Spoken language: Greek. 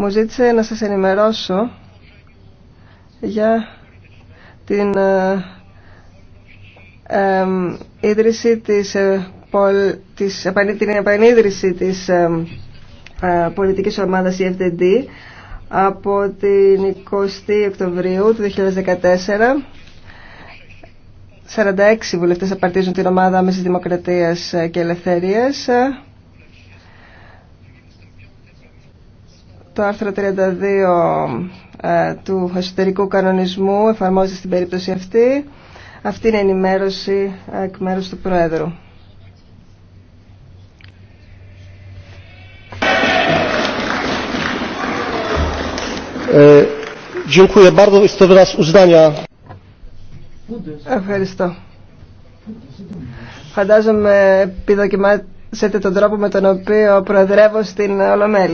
μου ζήτησε να σας ενημερώσω για την ε, ίδρυση της, ε, της, την επανίδρυση της ε, πολιτικής ομάδας EFDD από την 20η Οκτωβρίου του 2014 46 βουλευτές απαρτίζουν την ομάδα Μέσης Δημοκρατίας και Ελευθερίας το άρθρο 32 ε, του εσωτερικού κανονισμού εφαρμόζεται στην περίπτωση αυτή. Αυτή είναι η ενημέρωση ε, εκ μέρους του Πρόεδρου. Ε, Ευχαριστώ. Φαντάζομαι επιδοκιμάσετε τον τρόπο με τον οποίο προεδρεύω στην Ολομέλη.